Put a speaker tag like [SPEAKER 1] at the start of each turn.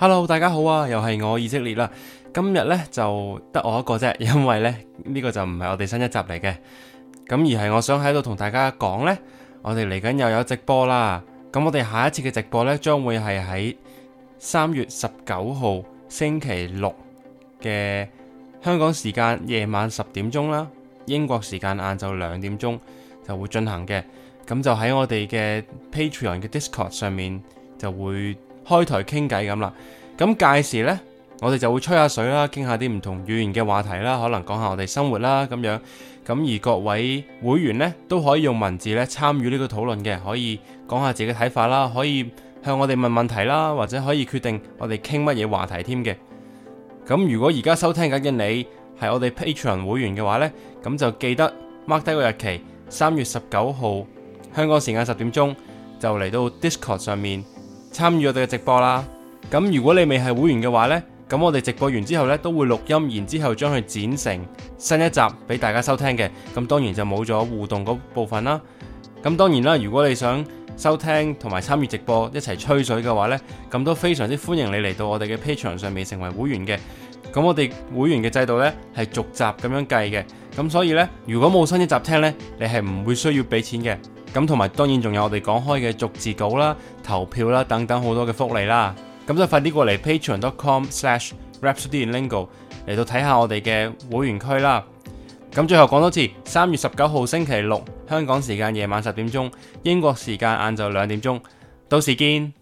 [SPEAKER 1] Hello，大家好啊，又係我以色列啦。今日呢，就得我一個啫，因為呢，呢個就唔係我哋新一集嚟嘅，咁而係我想喺度同大家講呢，我哋嚟緊又有直播啦。咁我哋下一次嘅直播呢，將會係喺三月十九號星期六嘅香港時間夜晚十點鐘啦，英國時間晏晝兩點鐘就會進行嘅。咁就喺我哋嘅 Patreon 嘅 Discord 上面就會。開台傾偈咁啦，咁屆時呢，我哋就會吹下水啦，傾下啲唔同語言嘅話題啦，可能講下我哋生活啦咁樣，咁而各位會員呢，都可以用文字呢參與呢個討論嘅，可以講下自己嘅睇法啦，可以向我哋問問題啦，或者可以決定我哋傾乜嘢話題添嘅。咁如果而家收聽緊嘅你係我哋 Patreon 會員嘅話呢，咁就記得 mark 低個日期，三月十九號香港時間十點鐘就嚟到 Discord 上面。參與我哋嘅直播啦，咁如果你未係會員嘅話呢，咁我哋直播完之後呢，都會錄音，然之後將佢剪成新一集俾大家收聽嘅，咁當然就冇咗互動嗰部分啦。咁當然啦，如果你想收聽同埋參與直播一齊吹水嘅話呢，咁都非常之歡迎你嚟到我哋嘅 Patreon 上面成為會員嘅。咁我哋會員嘅制度呢，係逐集咁樣計嘅，咁所以呢，如果冇新一集聽呢，你係唔會需要俾錢嘅。咁同埋當然仲有我哋講開嘅逐字稿啦、投票啦、等等好多嘅福利啦，咁就快啲過嚟 patreon.com/rhapsodyinlingo 嚟到睇下我哋嘅會員區啦。咁最後講多次，三月十九號星期六，香港時間夜晚十點鐘，英國時間晏晝兩點鐘，到時見。